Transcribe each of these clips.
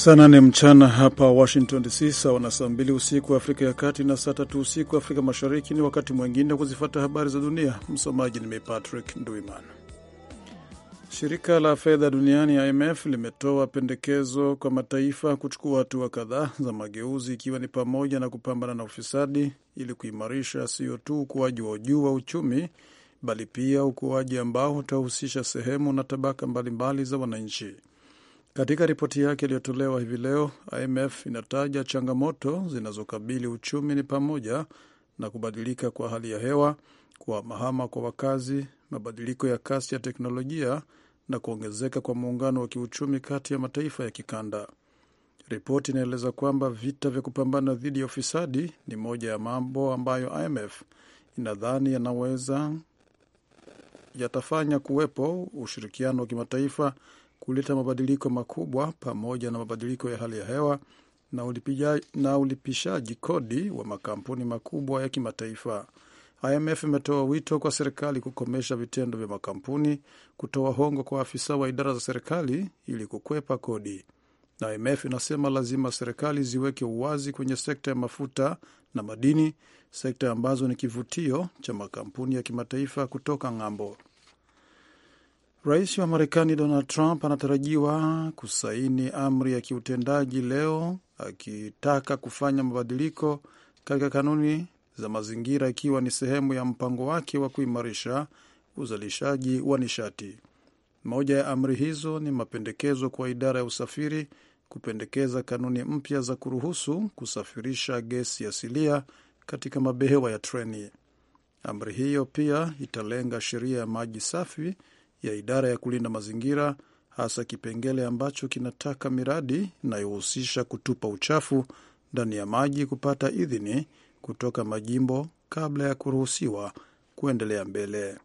Saa nane mchana hapa Washington DC, sawa na saa mbili usiku Afrika ya Kati na saa tatu usiku Afrika Mashariki. Ni wakati mwingine wa kuzifata habari za dunia. Msomaji ni mimi Patrick Ndwiman. Shirika la fedha duniani IMF limetoa pendekezo kwa mataifa kuchukua hatua kadhaa za mageuzi, ikiwa ni pamoja na kupambana na ufisadi ili kuimarisha sio tu ukuaji wa juu wa uchumi, bali pia ukuaji ambao utahusisha sehemu na tabaka mbalimbali mbali za wananchi. Katika ripoti yake iliyotolewa hivi leo, IMF inataja changamoto zinazokabili uchumi ni pamoja na kubadilika kwa hali ya hewa, kuhamahama kwa wakazi, mabadiliko ya kasi ya teknolojia na kuongezeka kwa muungano wa kiuchumi kati ya mataifa ya kikanda. Ripoti inaeleza kwamba vita vya kupambana dhidi ya ufisadi ni moja ya mambo ambayo IMF inadhani yanaweza yatafanya kuwepo ushirikiano wa kimataifa kuleta mabadiliko makubwa pamoja na mabadiliko ya hali ya hewa na, ulipija, na ulipishaji kodi wa makampuni makubwa ya kimataifa. IMF imetoa wito kwa serikali kukomesha vitendo vya makampuni kutoa hongo kwa afisa wa idara za serikali ili kukwepa kodi. Na IMF inasema lazima serikali ziweke uwazi kwenye sekta ya mafuta na madini, sekta ambazo ni kivutio cha makampuni ya kimataifa kutoka ng'ambo. Rais wa Marekani Donald Trump anatarajiwa kusaini amri ya kiutendaji leo akitaka kufanya mabadiliko katika kanuni za mazingira ikiwa ni sehemu ya mpango wake wa kuimarisha uzalishaji wa nishati. Moja ya amri hizo ni mapendekezo kwa idara ya usafiri kupendekeza kanuni mpya za kuruhusu kusafirisha gesi asilia katika mabehewa ya treni. Amri hiyo pia italenga sheria ya maji safi ya idara ya kulinda mazingira, hasa kipengele ambacho kinataka miradi inayohusisha kutupa uchafu ndani ya maji kupata idhini kutoka majimbo kabla ya kuruhusiwa kuendelea mbele.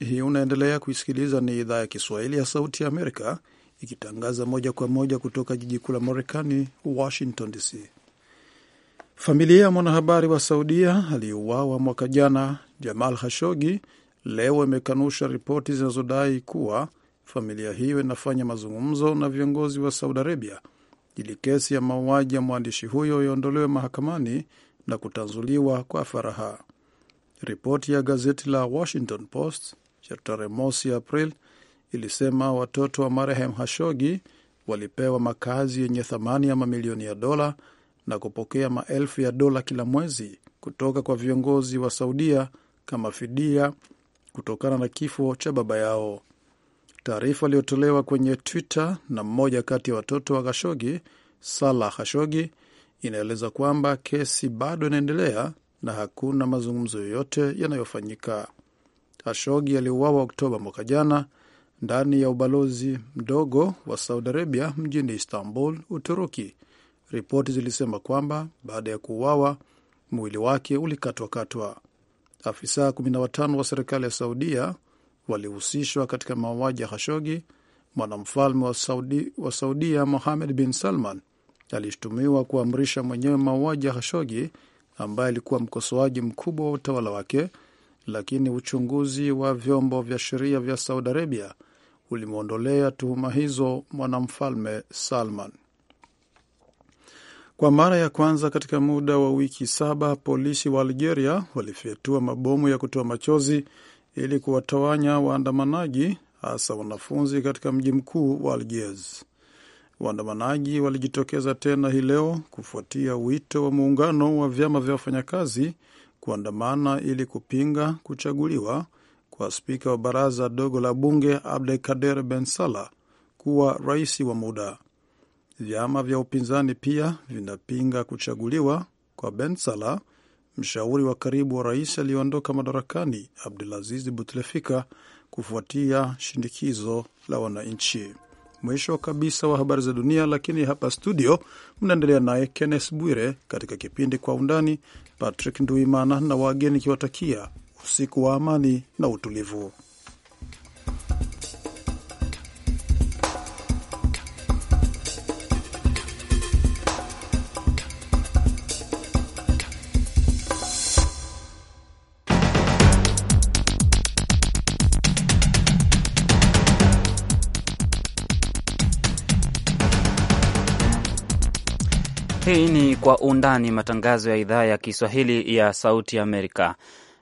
Hii unaendelea kuisikiliza, ni idhaa ya Kiswahili ya Sauti ya Amerika ikitangaza moja kwa moja kutoka jiji kuu la Marekani, Washington DC. Familia ya mwanahabari wa Saudia aliyeuawa mwaka jana Jamal Khashoggi leo imekanusha ripoti zinazodai kuwa familia hiyo inafanya mazungumzo na viongozi wa Saudi Arabia ili kesi ya mauaji ya mwandishi huyo iondolewe mahakamani na kutanzuliwa kwa faraha. Ripoti ya gazeti la Washington Post ya tarehe mosi April ilisema watoto wa marehemu Hashogi walipewa makazi yenye thamani ya mamilioni ya dola na kupokea maelfu ya dola kila mwezi kutoka kwa viongozi wa Saudia kama fidia kutokana na kifo cha baba yao. Taarifa iliyotolewa kwenye Twitter na mmoja kati ya watoto wa Khashogi, Salah Khashogi, inaeleza kwamba kesi bado inaendelea na hakuna mazungumzo yoyote yanayofanyika. Khashogi aliuawa Oktoba mwaka jana ndani ya ubalozi mdogo wa Saudi Arabia mjini Istanbul, Uturuki. Ripoti zilisema kwamba baada ya kuuawa mwili wake ulikatwakatwa. Afisa 15 wa serikali ya Saudia walihusishwa katika mauaji ya Khashogi. Mwanamfalme wa, Saudi, wa Saudia Mohamed bin Salman alishutumiwa kuamrisha mwenyewe mauaji ya Khashogi, ambaye alikuwa mkosoaji mkubwa wa utawala wake, lakini uchunguzi wa vyombo vya sheria vya Saudi Arabia ulimwondolea tuhuma hizo mwanamfalme Salman. Kwa mara ya kwanza katika muda wa wiki saba, polisi wa Algeria walifyatua mabomu ya kutoa machozi ili kuwatawanya waandamanaji, hasa wanafunzi katika mji mkuu wa Algiers. Waandamanaji walijitokeza tena hii leo kufuatia wito wa muungano wa vyama vya wafanyakazi kuandamana ili kupinga kuchaguliwa kwa spika wa baraza dogo la bunge Abdelkader Ben kuwa rais wa muda. Vyama vya upinzani pia vinapinga kuchaguliwa kwa Ben Salah, mshauri wa karibu wa rais aliyoondoka madarakani Abdulaziz Butlefika, kufuatia shinikizo la wananchi. Mwisho kabisa wa habari za dunia, lakini hapa studio mnaendelea naye Kenneth Bwire katika kipindi Kwa Undani. Patrick Nduimana na wageni ikiwatakia usiku wa amani na utulivu. kwa undani, matangazo ya idhaa ya Kiswahili ya Sauti Amerika.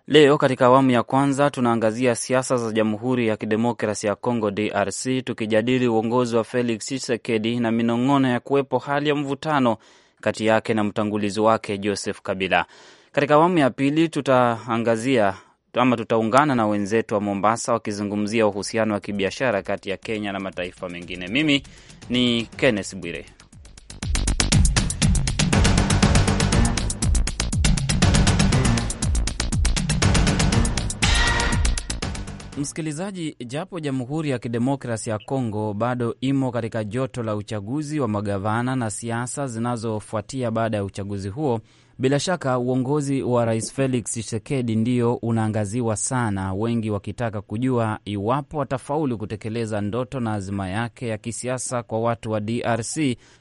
Leo katika awamu ya kwanza tunaangazia siasa za Jamhuri ya Kidemokrasi ya congo DRC, tukijadili uongozi wa Felix Tshisekedi na minong'ono ya kuwepo hali ya mvutano kati yake na mtangulizi wake Joseph Kabila. Katika awamu ya pili tutaangazia ama tutaungana na wenzetu wa Mombasa wakizungumzia uhusiano wa kibiashara kati ya Kenya na mataifa mengine. Mimi ni Kenneth Bwire. Msikilizaji, japo Jamhuri ya Kidemokrasi ya Kongo bado imo katika joto la uchaguzi wa magavana na siasa zinazofuatia baada ya uchaguzi huo, bila shaka uongozi wa Rais Felix Tshisekedi ndio unaangaziwa sana, wengi wakitaka kujua iwapo atafaulu kutekeleza ndoto na azima yake ya kisiasa kwa watu wa DRC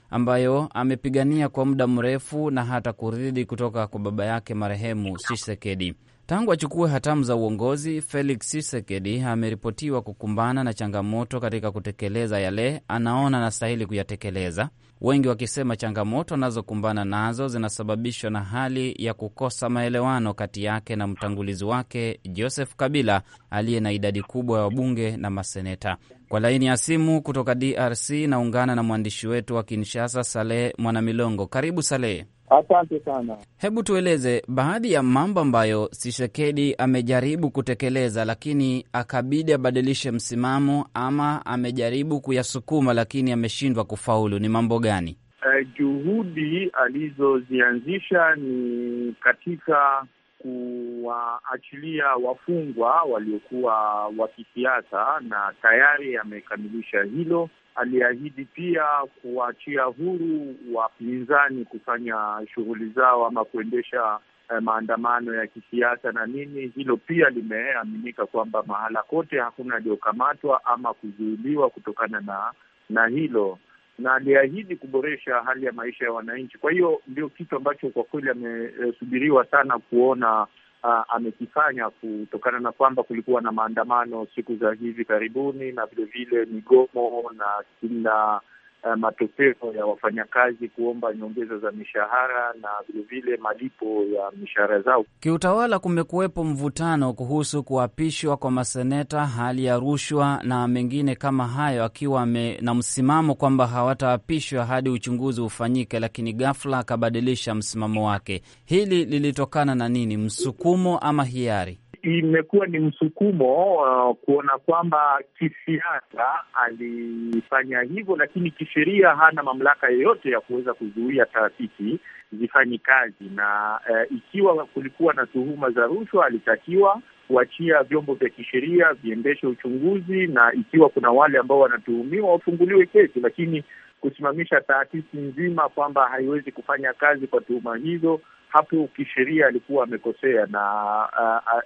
ambayo amepigania kwa muda mrefu na hata kuridhi kutoka kwa baba yake marehemu Tshisekedi. Tangu achukue hatamu za uongozi, Felix Tshisekedi ameripotiwa kukumbana na changamoto katika kutekeleza yale anaona anastahili kuyatekeleza, wengi wakisema changamoto anazokumbana nazo zinasababishwa na hali ya kukosa maelewano kati yake na mtangulizi wake Joseph Kabila aliye na idadi kubwa ya wabunge na maseneta. Kwa laini ya simu kutoka DRC naungana na mwandishi wetu wa Kinshasa, Saleh Mwanamilongo. Karibu Saleh. Asante sana. Hebu tueleze baadhi ya mambo ambayo Sishekedi amejaribu kutekeleza, lakini akabidi abadilishe msimamo, ama amejaribu kuyasukuma, lakini ameshindwa kufaulu. Ni mambo gani? Uh, juhudi alizozianzisha ni katika kuwaachilia wafungwa waliokuwa wa kisiasa, na tayari amekamilisha hilo. Aliahidi pia kuwaachia huru wapinzani kufanya shughuli zao ama kuendesha eh, maandamano ya kisiasa na nini. Hilo pia limeaminika kwamba mahala kote hakuna aliyokamatwa ama kuzuiliwa kutokana na na hilo na aliahidi kuboresha hali ya maisha ya wananchi. Kwa hiyo ndio kitu ambacho kwa kweli amesubiriwa sana kuona Uh, amekifanya kutokana na kwamba kulikuwa na maandamano siku za hivi karibuni na vilevile migomo na kila uh, matokeo ya wafanyakazi kuomba nyongeza za mishahara na vilevile malipo ya mishahara zao. Kiutawala kumekuwepo mvutano kuhusu kuapishwa kwa maseneta, hali ya rushwa na mengine kama hayo, akiwa na msimamo kwamba hawataapishwa hadi uchunguzi ufanyike, lakini ghafla akabadilisha msimamo wake. Hili lilitokana na nini? Msukumo ama hiari? imekuwa ni msukumo uh, kuona kwamba kisiasa alifanya hivyo, lakini kisheria hana mamlaka yoyote ya kuweza kuzuia taasisi zifanyi kazi. Na uh, ikiwa kulikuwa na tuhuma za rushwa, alitakiwa kuachia vyombo vya kisheria viendeshe uchunguzi, na ikiwa kuna wale ambao wanatuhumiwa wafunguliwe kesi, lakini kusimamisha taasisi nzima kwamba haiwezi kufanya kazi kwa tuhuma hizo hapo kisheria alikuwa amekosea na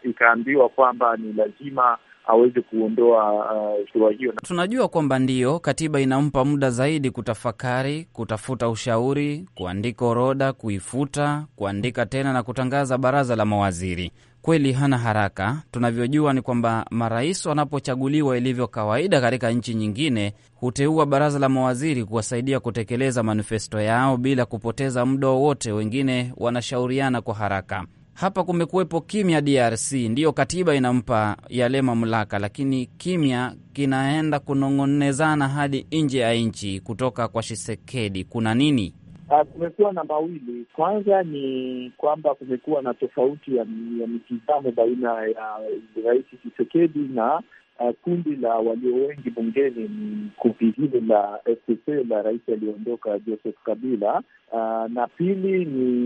ikaambiwa kwamba ni lazima aweze kuondoa uh, shura hiyo. Tunajua kwamba ndiyo katiba inampa muda zaidi kutafakari, kutafuta ushauri, kuandika orodha, kuifuta, kuandika tena na kutangaza baraza la mawaziri kweli hana haraka. Tunavyojua ni kwamba marais wanapochaguliwa, ilivyo kawaida katika nchi nyingine, huteua baraza la mawaziri kuwasaidia kutekeleza manifesto yao bila kupoteza muda wowote. Wengine wanashauriana kwa haraka. Hapa kumekuwepo kimya. DRC ndiyo katiba inampa yale mamlaka, lakini kimya kinaenda kunong'onezana hadi nje ya nchi kutoka kwa Shisekedi. Kuna nini? Ah, kumekuwa na mawili. Kwanza ni kwamba kumekuwa na tofauti ya, ya mitizamo baina ya Rais chisekedi na uh, kundi la walio wengi bungeni, ni kundi hilo la FCC la rais aliyoondoka Joseph Kabila. Uh, na pili ni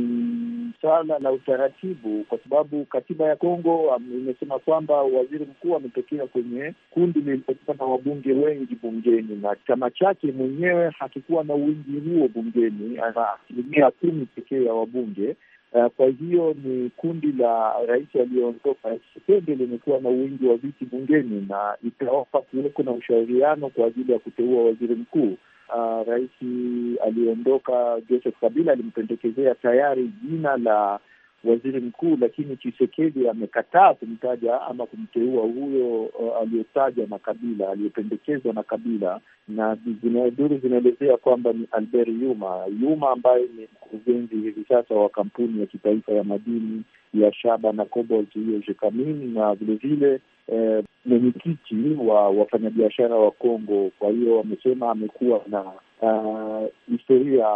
swala la utaratibu, kwa sababu katiba ya Kongo um, imesema kwamba waziri mkuu ametokea kwenye kundi lililokuwa na wabunge wengi bungeni, na chama chake mwenyewe hakikuwa na wingi huo bungeni, ana asilimia kumi pekee ya wabunge. Uh, kwa hiyo ni kundi la rais aliyoondoka Tshisekedi limekuwa na wingi wa viti bungeni, na itaofa kuweko na ushauriano kwa ajili ya kuteua waziri mkuu uh, rais aliyeondoka Joseph Kabila alimpendekezea tayari jina la waziri mkuu, lakini Chisekedi amekataa kumtaja ama kumteua huyo uh, aliyotaja na Kabila, aliyependekezwa na Kabila, na duru zinaelezea kwamba ni Albert Yuma Yuma ambaye ni mkurugenzi hivi sasa wa kampuni ya kitaifa ya madini ya shaba na cobalt hiyo Jekamin, na vilevile eh, mwenyekiti wa wafanyabiashara wa Kongo. Kwa hiyo wamesema amekuwa na uh, historia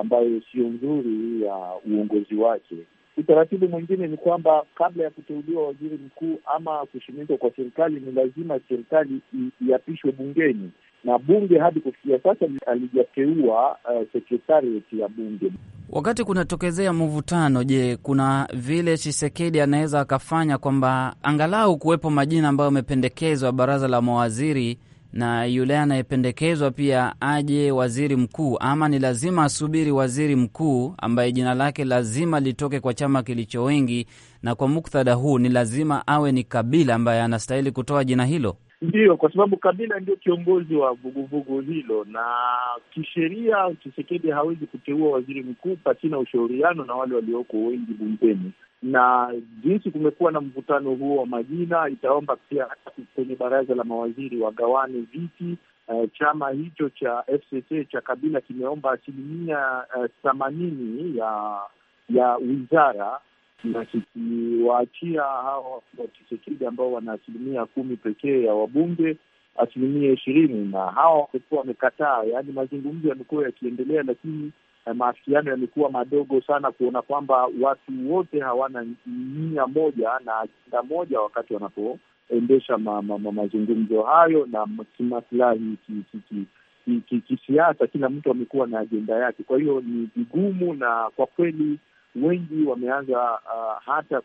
ambayo sio nzuri ya uongozi wake. Utaratibu mwingine ni kwamba kabla ya kuteuliwa waziri mkuu ama kushimikwa kwa serikali, ni lazima serikali iapishwe bungeni, na bunge hadi kufikia sasa alijateua uh, sekretarieti ya bunge. Wakati kunatokezea mvutano, je, kuna vile chisekedi anaweza akafanya kwamba angalau kuwepo majina ambayo yamependekezwa baraza la mawaziri na yule anayependekezwa pia aje waziri mkuu, ama ni lazima asubiri waziri mkuu ambaye jina lake lazima litoke kwa chama kilicho wengi? Na kwa muktadha huu ni lazima awe ni Kabila ambaye anastahili kutoa jina hilo. Ndiyo, kwa sababu Kabila ndio kiongozi wa vuguvugu hilo, na kisheria Chisekedi hawezi kuteua waziri mkuu pasina ushauriano na wale walioko wengi bungeni na jinsi kumekuwa na mvutano huo wa majina, itaomba pia kwenye baraza la mawaziri wagawane viti. Uh, chama hicho cha FCC cha Kabila kimeomba asilimia eh, themanini uh, ya ya wizara na kikiwaachia hawa Tshisekedi ambao wana asilimia kumi pekee ya wabunge asilimia ishirini na hawa wamekuwa wamekataa, yaani mazungumzo yamekuwa yakiendelea, lakini eh, maafikiano yamekuwa madogo sana, kuona kwamba watu wote hawana nia moja na ajenda moja wakati wanapoendesha ma, ma, ma, mazungumzo hayo na kimaslahi kisiasa, kila mtu amekuwa na ajenda yake. Kwa hiyo ni vigumu, na kwa kweli wengi wameanza uh, hata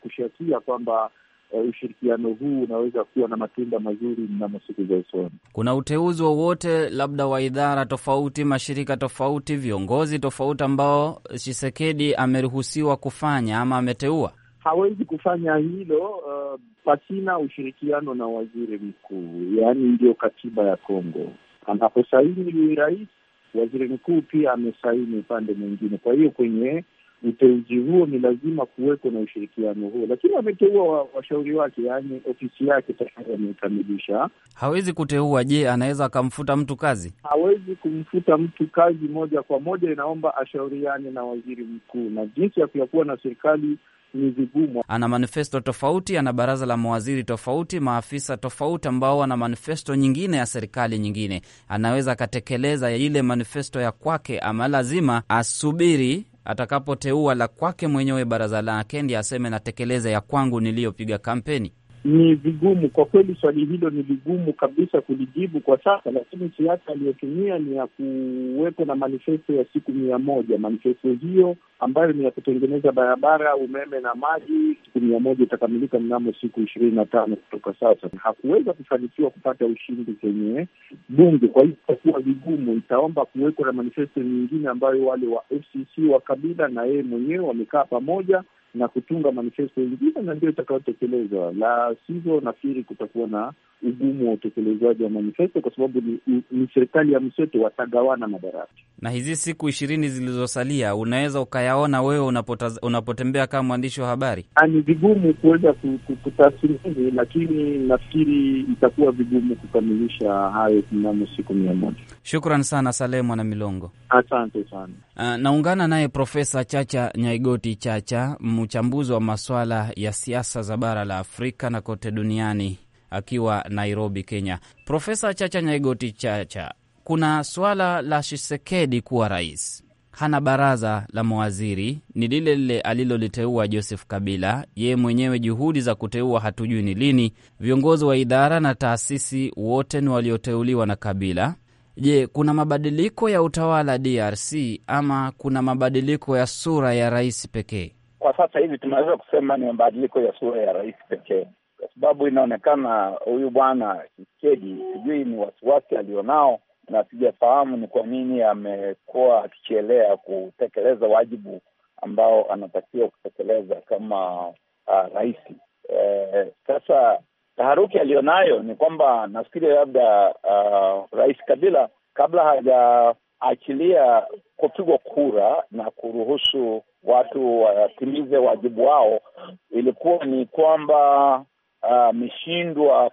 kushakia kwamba uh, ushirikiano huu unaweza kuwa na matunda mazuri mnamo siku za usoni. Kuna uteuzi wowote labda wa idara tofauti, mashirika tofauti, viongozi tofauti ambao Chisekedi ameruhusiwa kufanya ama ameteua? Hawezi kufanya hilo uh, pasina ushirikiano na waziri mkuu, yaani ndiyo katiba ya Kongo. Anaposaini rais, waziri mkuu pia amesaini upande mwingine, kwa hiyo kwenye uteuzi huo ni lazima kuweko na ushirikiano huo, lakini ameteua washauri wa wake, yaani ofisi yake tayari amekamilisha. Hawezi kuteua. Je, anaweza akamfuta mtu kazi? Hawezi kumfuta mtu kazi moja kwa moja, inaomba ashauriane na waziri mkuu, na jinsi ya kuyakuwa na serikali ni vigumu. Ana manifesto tofauti, ana baraza la mawaziri tofauti, maafisa tofauti ambao wana manifesto nyingine ya serikali nyingine. Anaweza akatekeleza ile manifesto ya kwake, ama lazima asubiri atakapoteua la kwake mwenyewe baraza lake, ndiye aseme natekeleza ya kwangu niliyopiga kampeni ni vigumu kwa kweli, swali hilo ni vigumu kabisa kulijibu kwa sasa, lakini siasa aliyotumia ni ya kuwepo na manifesto ya siku mia moja. Manifesto hiyo ambayo ni ya kutengeneza barabara, umeme na maji, siku mia moja itakamilika mnamo siku ishirini na tano kutoka sasa. Hakuweza kufanikiwa kupata ushindi kwenye bunge, kwa hiyo itakuwa vigumu. Itaomba kuwekwa na manifesto nyingine ambayo wale wa FCC wa Kabila na yeye mwenyewe wamekaa pamoja na kutunga manifesto ingine, na ndio itakayotekelezwa. La sivyo, nafikiri kutakuwa na ugumu wa utekelezaji wa manifesto, kwa sababu ni, ni serikali ya mseto, watagawana madaraka. Na hizi siku ishirini zilizosalia unaweza ukayaona wewe unapotembea kama mwandishi wa habari? Ah, ni vigumu kuweza kutathmini, lakini nafikiri itakuwa vigumu kukamilisha hayo mnamo siku mia moja. Shukran sana Saleh Mwana Milongo, asante sana. Uh, naungana naye Profesa Chacha Nyaigoti Chacha Mw mchambuzi wa maswala ya siasa za bara la Afrika na kote duniani akiwa Nairobi, Kenya. Profesa Chacha Nyaigoti Chacha, kuna suala la Shisekedi kuwa rais hana baraza la mawaziri, ni lile lile aliloliteua Joseph Kabila. Yeye mwenyewe juhudi za kuteua hatujui ni lini. Viongozi wa idara na taasisi wote ni walioteuliwa na Kabila. Je, kuna mabadiliko ya utawala DRC ama kuna mabadiliko ya sura ya rais pekee? kwa sasa hivi tunaweza kusema ni mabadiliko ya sura ya rais pekee, kwa sababu inaonekana huyu bwana Tshisekedi, sijui ni wasiwasi alionao na sijafahamu ni kwa nini amekuwa akichelea kutekeleza wajibu ambao anatakiwa kutekeleza kama uh, rais. E, sasa taharuki aliyonayo ni kwamba nafikiri labda uh, rais Kabila kabla hajaachilia kupigwa kura na kuruhusu watu watimize uh, wajibu wao, ilikuwa ni kwamba Uh, mishindwa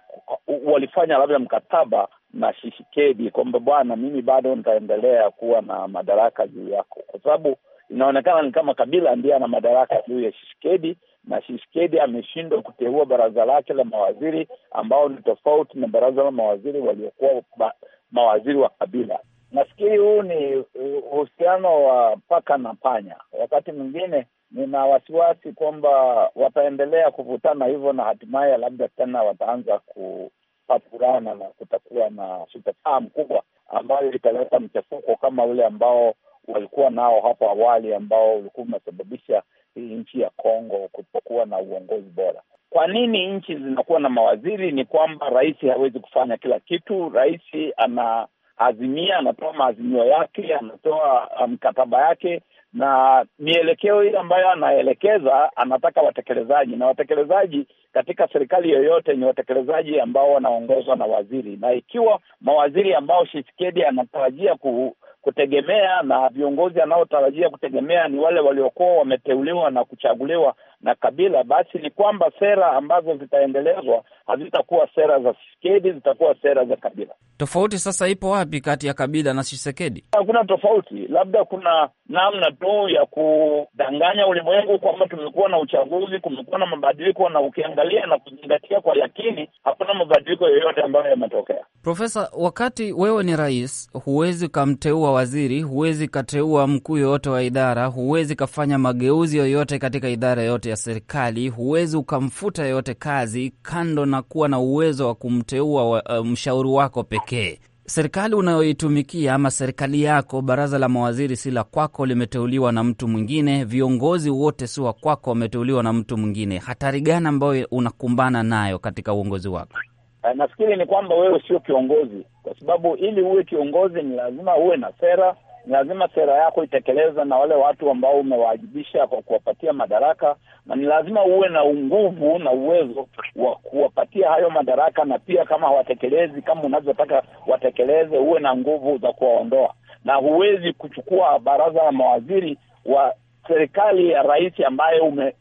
walifanya labda mkataba na Shishikedi kwamba bwana, mimi bado nitaendelea kuwa na madaraka juu yako, kwa sababu inaonekana ni kama Kabila ndiye ana madaraka juu ya Shishikedi, na Shishikedi ameshindwa kuteua baraza lake la mawaziri ambao ni tofauti na baraza la mawaziri waliokuwa ba, mawaziri wa Kabila. Nafikiri huu ni uhusiano wa paka na panya. Wakati mwingine nina wasiwasi kwamba wataendelea kuvutana hivyo, na hatimaye labda tena wataanza kupapurana na kutakuwa na sutasaa mkubwa ambayo italeta mchafuko kama ule ambao walikuwa nao hapo awali, ambao ulikuwa umesababisha hii nchi ya Kongo kutokuwa na uongozi bora. Kwa nini nchi zinakuwa na mawaziri? Ni kwamba rais hawezi kufanya kila kitu. Rais ana azimia, anatoa maazimio yake, anatoa um, mkataba um, yake na mielekeo ile ambayo anaelekeza, anataka watekelezaji, na watekelezaji katika serikali yoyote ni watekelezaji ambao wanaongozwa na waziri, na ikiwa mawaziri ambao Tshisekedi anatarajia ku kutegemea na viongozi anaotarajia kutegemea ni wale waliokuwa wameteuliwa na kuchaguliwa na Kabila, basi ni kwamba sera ambazo zitaendelezwa hazitakuwa sera za sisekedi zitakuwa sera za Kabila. Tofauti sasa ipo wapi kati ya Kabila na shisekedi Hakuna tofauti, labda kuna namna tu ya kudanganya ulimwengu kwamba tumekuwa na uchaguzi, kumekuwa na mabadiliko, na ukiangalia na kuzingatia kwa yakini, hakuna mabadiliko yoyote ambayo yametokea. Profesa, wakati wewe ni rais, huwezi ukamteua waziri, huwezi kateua mkuu yoyote wa idara, huwezi kafanya mageuzi yoyote katika idara yoyote yoyote ya serikali, huwezi ukamfuta yoyote kazi kando na kuwa na uwezo wa kumteua wa, uh, mshauri wako pekee. Serikali unayoitumikia ama serikali yako, baraza la mawaziri si la kwako, limeteuliwa na mtu mwingine. Viongozi wote si wa kwako, wameteuliwa na mtu mwingine. Hatari gani ambayo unakumbana nayo katika uongozi wako? Eh, nafikiri ni kwamba wewe sio kiongozi, kwa sababu ili uwe kiongozi ni lazima uwe na sera ni lazima sera yako itekeleza na wale watu ambao umewaajibisha kwa kuwapatia madaraka, na ni lazima uwe na nguvu na uwezo wa kuwapatia hayo madaraka, na pia kama hawatekelezi kama unavyotaka watekeleze, uwe na nguvu za kuwaondoa, na huwezi kuchukua baraza la mawaziri wa serikali ya rais ambaye ume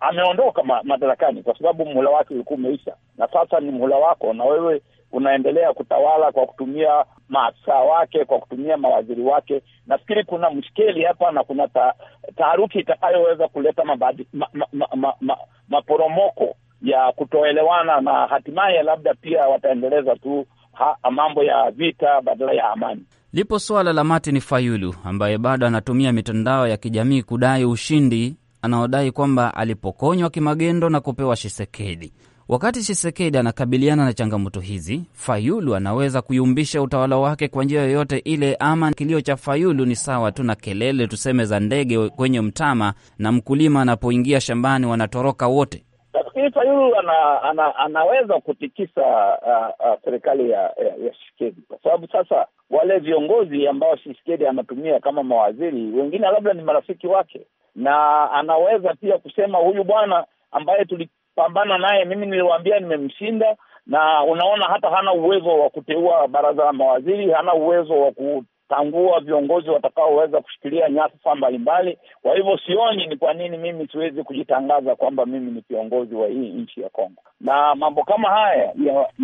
ameondoka madarakani kwa sababu muhula wake ulikuwa umeisha, na sasa ni muhula wako, na wewe unaendelea kutawala kwa kutumia maafisa wake, kwa kutumia mawaziri wake. Nafikiri kuna mshkeli hapa na kuna ta, taharuki itakayoweza kuleta mabadi, ma, ma, ma, ma, ma, maporomoko ya kutoelewana na hatimaye labda pia wataendeleza tu ha, mambo ya vita badala ya amani. Lipo suala la Martin Fayulu ambaye bado anatumia mitandao ya kijamii kudai ushindi anaodai kwamba alipokonywa kimagendo na kupewa Shisekedi. Wakati shisekedi anakabiliana na changamoto hizi, Fayulu anaweza kuyumbisha utawala wake kwa njia yoyote ile, ama kilio cha Fayulu ni sawa tu na kelele tuseme za ndege kwenye mtama, na mkulima anapoingia shambani wanatoroka wote. Nafikiri Fayulu ana, ana, anaweza kutikisa uh, uh, serikali ya, ya, ya Tshisekedi kwa sababu sasa wale viongozi ambao shisekedi anatumia kama mawaziri wengine labda ni marafiki wake, na anaweza pia kusema huyu bwana ambaye tuli, pambana naye, mimi niliwaambia nimemshinda, na unaona hata hana uwezo wa kuteua baraza la mawaziri, hana uwezo wa kutangua viongozi watakaoweza kushikilia nyadhifa mbalimbali. Kwa hivyo sioni ni kwa nini mimi siwezi kujitangaza kwamba mimi ni kiongozi wa hii nchi ya Kongo, na mambo kama haya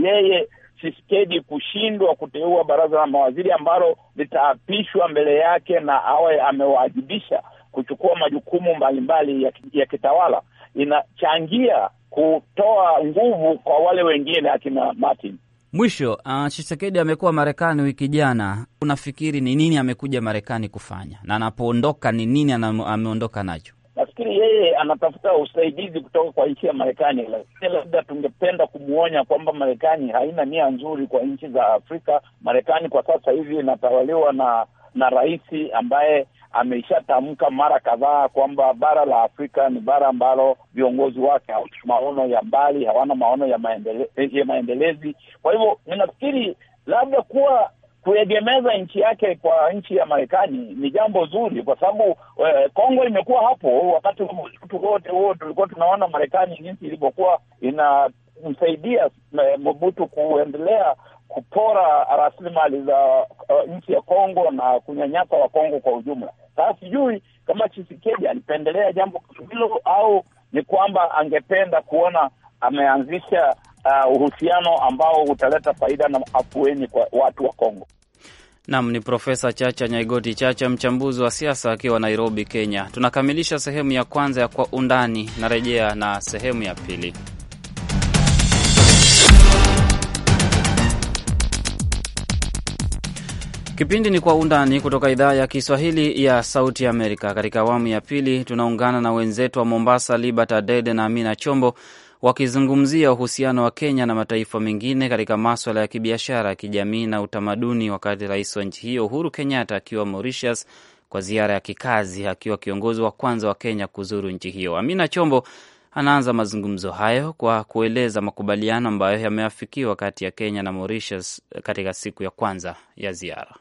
yeye siskedi kushindwa kuteua baraza la mawaziri ambalo litaapishwa mbele yake na awe amewajibisha kuchukua majukumu mbalimbali ya, ya kitawala inachangia kutoa nguvu kwa wale wengine akina Martin. Mwisho, uh, Chisekedi amekuwa Marekani wiki jana. Unafikiri ni nini amekuja Marekani kufanya, na anapoondoka ni nini ameondoka nacho? Nafikiri yeye anatafuta usaidizi kutoka kwa nchi ya Marekani, lakini labda tungependa kumwonya kwamba Marekani haina nia nzuri kwa nchi za Afrika. Marekani kwa sasa hivi inatawaliwa na na rais ambaye ameshatamka mara kadhaa kwamba bara la Afrika ni bara ambalo viongozi wake hawana maono ya mbali, hawana maono ya, maendele, ya maendelezi. Kwa hivyo ninafikiri labda kuwa kuegemeza nchi yake kwa nchi ya Marekani ni jambo zuri, kwa sababu eh, Kongo imekuwa hapo wakati wote huo, tulikuwa tunaona Marekani jinsi ilivyokuwa inamsaidia eh, Mobutu kuendelea kupora rasilimali za uh, nchi ya Kongo na kunyanyasa wa Kongo kwa ujumla. Sasa sijui kama Chisekedi alipendelea jambo hilo au ni kwamba angependa kuona ameanzisha uh, uhusiano ambao utaleta faida na afueni kwa watu wa Kongo. Nam ni Profesa Chacha Nyaigoti Chacha, mchambuzi wa siasa akiwa Nairobi, Kenya. Tunakamilisha sehemu ya kwanza ya Kwa Undani. Narejea na sehemu ya pili. Kipindi ni Kwa Undani kutoka idhaa ya Kiswahili ya Sauti Amerika. Katika awamu ya pili, tunaungana na wenzetu wa Mombasa, Libert Adede na Amina Chombo wakizungumzia uhusiano wa Kenya na mataifa mengine katika maswala ya kibiashara, kijamii na utamaduni, wakati rais wa nchi hiyo Uhuru Kenyatta akiwa Mauritius kwa ziara ya kikazi, akiwa kiongozi wa kwanza wa Kenya kuzuru nchi hiyo. Amina Chombo anaanza mazungumzo hayo kwa kueleza makubaliano ambayo yameafikiwa kati ya Kenya na Mauritius katika siku ya kwanza ya ziara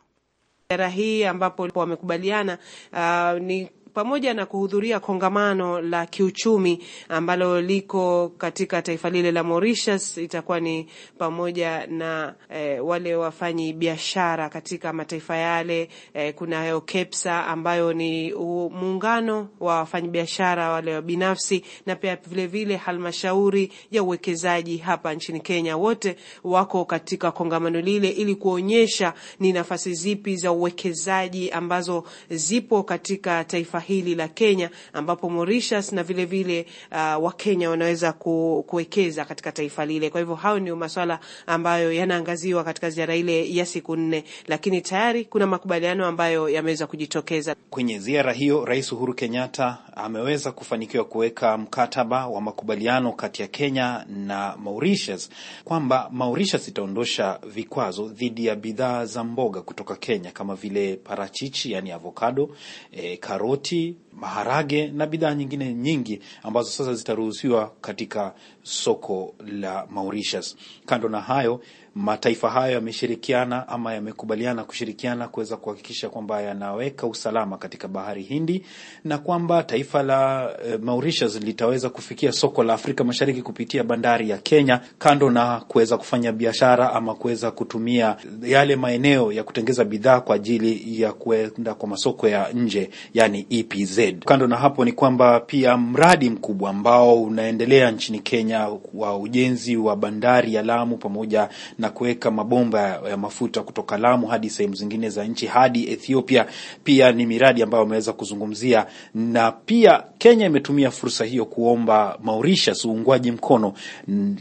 ziara hii ambapo wamekubaliana uh, ni pamoja na kuhudhuria kongamano la kiuchumi ambalo liko katika taifa lile la Mauritius. Itakuwa ni pamoja na eh, wale wafanyi biashara katika mataifa yale. Eh, kunayo KEPSA ambayo ni muungano wa biashara wale wa binafsi, na pia vilevile halmashauri ya uwekezaji hapa nchini Kenya. Wote wako katika kongamano lile ili kuonyesha ni nafasi zipi za uwekezaji ambazo zipo katika taifa hili la Kenya, ambapo Mauritius na vilevile uh, Wakenya wanaweza kuwekeza katika taifa lile. Kwa hivyo hayo ndio maswala ambayo yanaangaziwa katika ziara ile ya siku nne, lakini tayari kuna makubaliano ambayo yameweza kujitokeza kwenye ziara hiyo. Rais Uhuru Kenyatta ameweza kufanikiwa kuweka mkataba wa makubaliano kati ya Kenya na Mauritius kwamba Mauritius itaondosha vikwazo dhidi ya bidhaa za mboga kutoka Kenya kama vile parachichi, yani avocado, e, karoti she maharage na bidhaa nyingine nyingi ambazo sasa zitaruhusiwa katika soko la Mauritius. Kando na hayo, mataifa hayo yameshirikiana ama yamekubaliana kushirikiana kuweza kuhakikisha kwamba yanaweka usalama katika bahari Hindi na kwamba taifa la eh, Mauritius litaweza kufikia soko la Afrika Mashariki kupitia bandari ya Kenya, kando na kuweza kufanya biashara ama kuweza kutumia yale maeneo ya kutengeza bidhaa kwa ajili ya kuenda kwa masoko ya nje, yani EPZ. Kando na hapo, ni kwamba pia mradi mkubwa ambao unaendelea nchini Kenya wa ujenzi wa bandari ya Lamu pamoja na kuweka mabomba ya mafuta kutoka Lamu hadi sehemu zingine za nchi hadi Ethiopia, pia ni miradi ambayo wameweza kuzungumzia, na pia Kenya imetumia fursa hiyo kuomba Mauritius uungwaji mkono,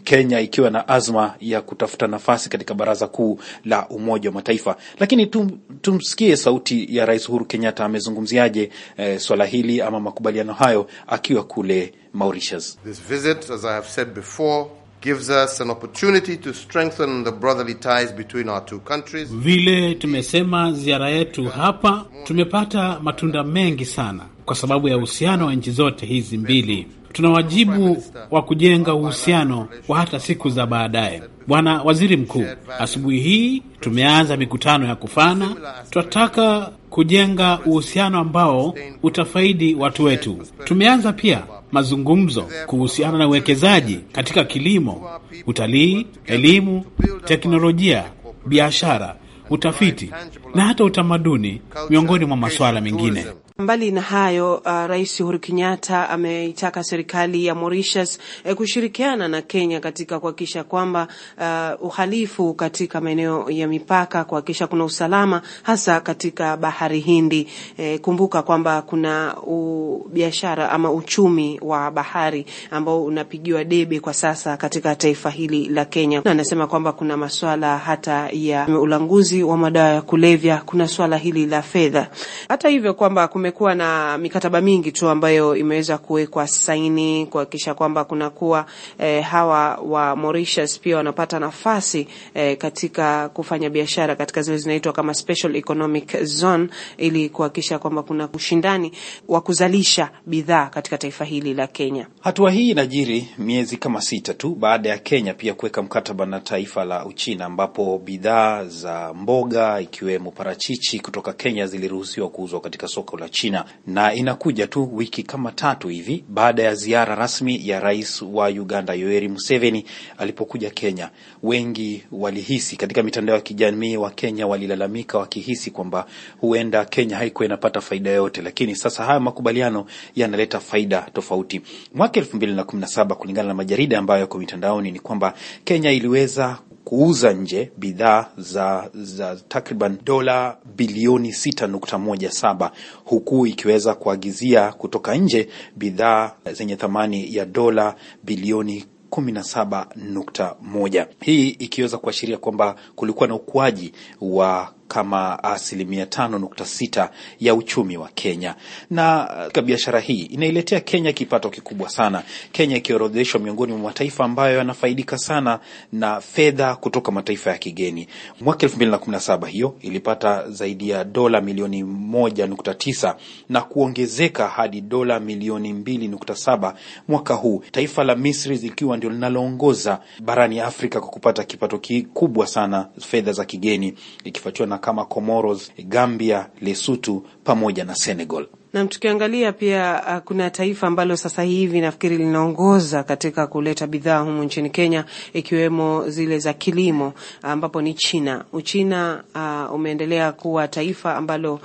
Kenya ikiwa na azma ya kutafuta nafasi katika baraza kuu la Umoja wa Mataifa. Lakini tum, tumsikie sauti ya Rais Uhuru Kenyatta amezungumziaje eh, swala hili ama makubaliano hayo akiwa kule Mauritius. This visit, as I have said before, gives us an opportunity to strengthen the brotherly ties between our two countries. Vile tumesema, ziara yetu hapa tumepata matunda mengi sana kwa sababu ya uhusiano wa nchi zote hizi mbili. Tuna wajibu wa kujenga uhusiano wa hata siku za baadaye. Bwana Waziri Mkuu, asubuhi hii tumeanza mikutano ya kufana. Tunataka kujenga uhusiano ambao utafaidi watu wetu. Tumeanza pia mazungumzo kuhusiana na uwekezaji katika kilimo, utalii, elimu, teknolojia, biashara, utafiti na hata utamaduni, miongoni mwa masuala mengine. Mbali na hayo, uh, Rais Uhuru Kenyatta ameitaka serikali ya Mauritius eh, kushirikiana na Kenya katika kuhakikisha kwamba uh, uhalifu katika maeneo ya mipaka, kuhakikisha kuna usalama hasa katika bahari Hindi. Eh, kumbuka kwamba kuna biashara ama uchumi wa bahari ambao unapigiwa debe kwa sasa katika taifa hili la Kenya, na anasema kwamba kuna masuala hata ya ulanguzi wa madawa ya kulevya, kuna swala hili la fedha. Hata hivyo kwamba kume kumekuwa na mikataba mingi tu ambayo imeweza kuwekwa saini kuhakikisha kwamba kunakuwa eh, hawa wa Mauritius pia wanapata nafasi eh, katika kufanya biashara katika zile zinaitwa kama special economic zone, ili kuhakikisha kwamba kuna ushindani wa kuzalisha bidhaa katika taifa hili la Kenya. Hatua hii inajiri miezi kama sita tu baada ya Kenya pia kuweka mkataba na taifa la Uchina ambapo bidhaa za mboga ikiwemo parachichi kutoka Kenya ziliruhusiwa kuuzwa katika soko la China. China na inakuja tu wiki kama tatu hivi baada ya ziara rasmi ya rais wa Uganda Yoweri Museveni alipokuja Kenya. Wengi walihisi katika mitandao ya kijamii wa Kenya walilalamika wakihisi kwamba huenda Kenya haikuwa inapata faida yoyote, lakini sasa haya makubaliano yanaleta faida tofauti. Mwaka saba kulingana na majarida ambayo yako mitandaoni ni kwamba Kenya iliweza kuuza nje bidhaa za, za takriban dola bilioni 6.17 huku ikiweza kuagizia kutoka nje bidhaa zenye thamani ya dola bilioni 17.1. Hii ikiweza kuashiria kwamba kulikuwa na ukuaji wa kama uh, asilimia tano nukta sita ya uchumi wa Kenya, na katika uh, biashara hii inailetea Kenya kipato kikubwa sana, Kenya ikiorodheshwa miongoni mwa mataifa ambayo yanafaidika sana na fedha kutoka mataifa ya kigeni. Mwaka elfu mbili na kumi na saba hiyo ilipata zaidi ya dola milioni moja nukta tisa na kuongezeka hadi dola milioni mbili nukta saba mwaka huu, taifa la Misri zikiwa ndio linaloongoza barani Afrika kwa kupata kipato kikubwa sana fedha za kigeni ikifuatiwa na kama Comoros, Gambia, Lesotho pamoja na Senegal. Nam, tukiangalia pia uh, kuna taifa ambalo sasa hivi nafikiri linaongoza katika kuleta bidhaa humu nchini Kenya ikiwemo zile za kilimo ambapo uh, ni China. Uchina uh, umeendelea kuwa taifa ambalo uh,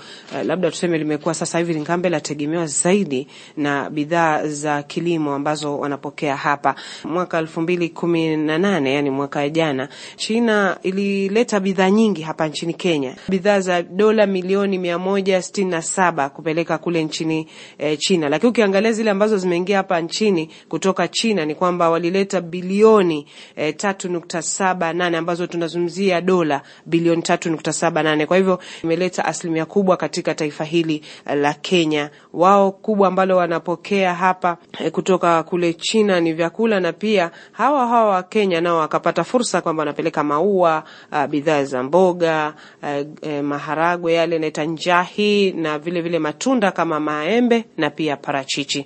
labda tuseme limekuwa sasa hivi lingambe la tegemewa zaidi na bidhaa za kilimo ambazo wanapokea hapa. Mwaka elfu mbili kumi na nane yani mwaka jana, China ilileta bidhaa nyingi hapa nchini Kenya, bidhaa za dola milioni mia moja sitini na saba kupeleka kule kule nchini e, China. Lakini ukiangalia zile ambazo zimeingia hapa nchini kutoka China ni kwamba walileta bilioni eh, e, 3.78 ambazo tunazungumzia dola bilioni 3.78. Kwa hivyo imeleta asilimia kubwa katika taifa hili eh, la Kenya. Wao kubwa ambalo wanapokea hapa e, kutoka kule China ni vyakula na pia hawa hawa wa Kenya nao wakapata fursa kwamba wanapeleka maua, bidhaa za mboga, a, a, maharagwe yale naita njahi na vile vile matunda kama kama maembe na pia parachichi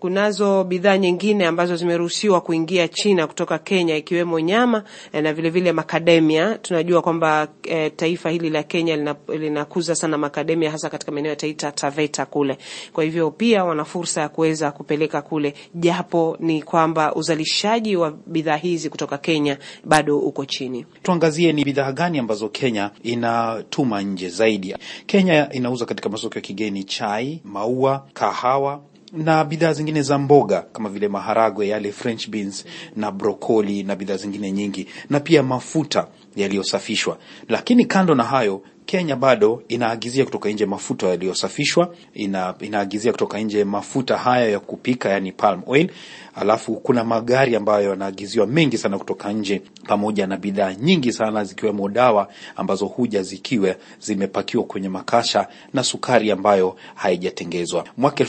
kunazo bidhaa nyingine ambazo zimeruhusiwa kuingia China kutoka Kenya ikiwemo nyama eh, na vile vile makademia. Tunajua kwamba e, taifa hili la Kenya linakuza sana makademia hasa katika maeneo ya Taita Taveta kule. Kwa hivyo pia wana fursa ya kuweza kupeleka kule, japo ni kwamba uzalishaji wa bidhaa hizi kutoka Kenya bado uko chini. Tuangazie ni bidhaa gani ambazo Kenya inatuma nje zaidi. Kenya inauza katika masoko ya kigeni chai, maua, kahawa na bidhaa zingine za mboga kama vile maharagwe yale french beans na brokoli na bidhaa zingine nyingi, na pia mafuta yaliyosafishwa. Lakini kando na hayo, Kenya bado inaagizia kutoka nje mafuta yaliyosafishwa, ina, inaagizia kutoka nje mafuta haya ya kupika, yani palm oil. Alafu kuna magari ambayo yanaagiziwa mengi sana kutoka nje, pamoja na bidhaa nyingi sana zikiwemo dawa ambazo huja zikiwa zimepakiwa kwenye makasha na sukari ambayo haijatengezwa. Mwaka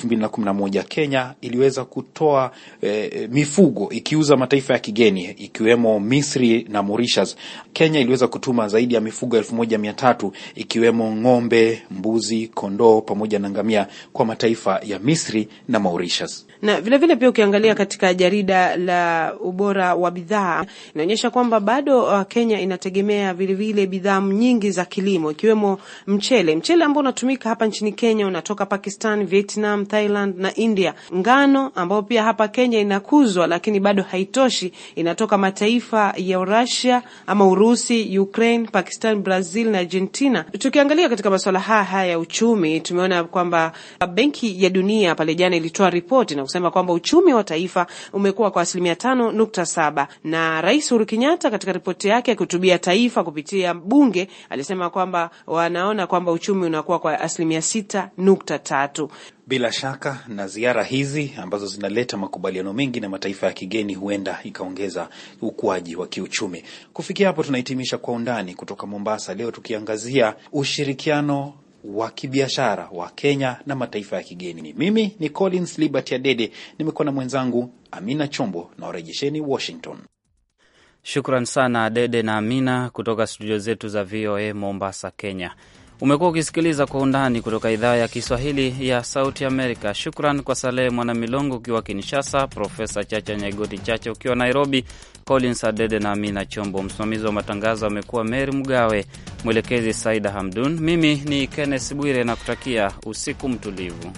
moja Kenya iliweza kutoa eh, eh, mifugo ikiuza mataifa ya kigeni ikiwemo Misri na Mauritius. Kenya iliweza kutuma zaidi ya mifugo tatu ikiwemo ng'ombe, mbuzi, kondoo pamoja na ngamia kwa mataifa ya Misri na Mauritius. Na vilevile vile pia ukiangalia katika jarida la ubora wa bidhaa inaonyesha kwamba bado uh, Kenya inategemea vilevile bidhaa nyingi za kilimo ikiwemo mchele. Mchele ambao unatumika hapa nchini Kenya unatoka Pakistan, Vietnam, Thailand na India. Ngano ambao pia hapa Kenya inakuzwa lakini bado haitoshi, inatoka mataifa ya Russia ama Urusi, Ukraine, Pakistan, Brazil na Argentina China. Tukiangalia katika masuala haya haya ya uchumi, tumeona kwamba Benki ya Dunia pale jana ilitoa ripoti na kusema kwamba uchumi wa taifa umekuwa kwa asilimia tano nukta saba na Rais Uhuru Kenyatta katika ripoti yake akihutubia taifa kupitia bunge alisema kwamba wanaona kwamba uchumi unakuwa kwa asilimia sita nukta tatu. Bila shaka na ziara hizi ambazo zinaleta makubaliano mengi na mataifa ya kigeni huenda ikaongeza ukuaji wa kiuchumi. Kufikia hapo, tunahitimisha Kwa Undani kutoka Mombasa leo, tukiangazia ushirikiano wa kibiashara wa Kenya na mataifa ya kigeni. Mimi ni Collins Liberty Adede, nimekuwa na mwenzangu Amina Chombo na warejesheni Washington. Shukran sana Adede na Amina kutoka studio zetu za VOA Mombasa, Kenya. Umekuwa ukisikiliza Kwa Undani kutoka idhaa ya Kiswahili ya Sauti Amerika. Shukran kwa Salehe Mwanamilongo ukiwa Kinshasa, Profesa Chacha Nyaigoti Chache ukiwa Nairobi, Collins Adede na Amina Chombo. Msimamizi wa matangazo amekuwa Meri Mgawe, mwelekezi Saida Hamdun. Mimi ni Kenneth Bwire na kutakia usiku mtulivu.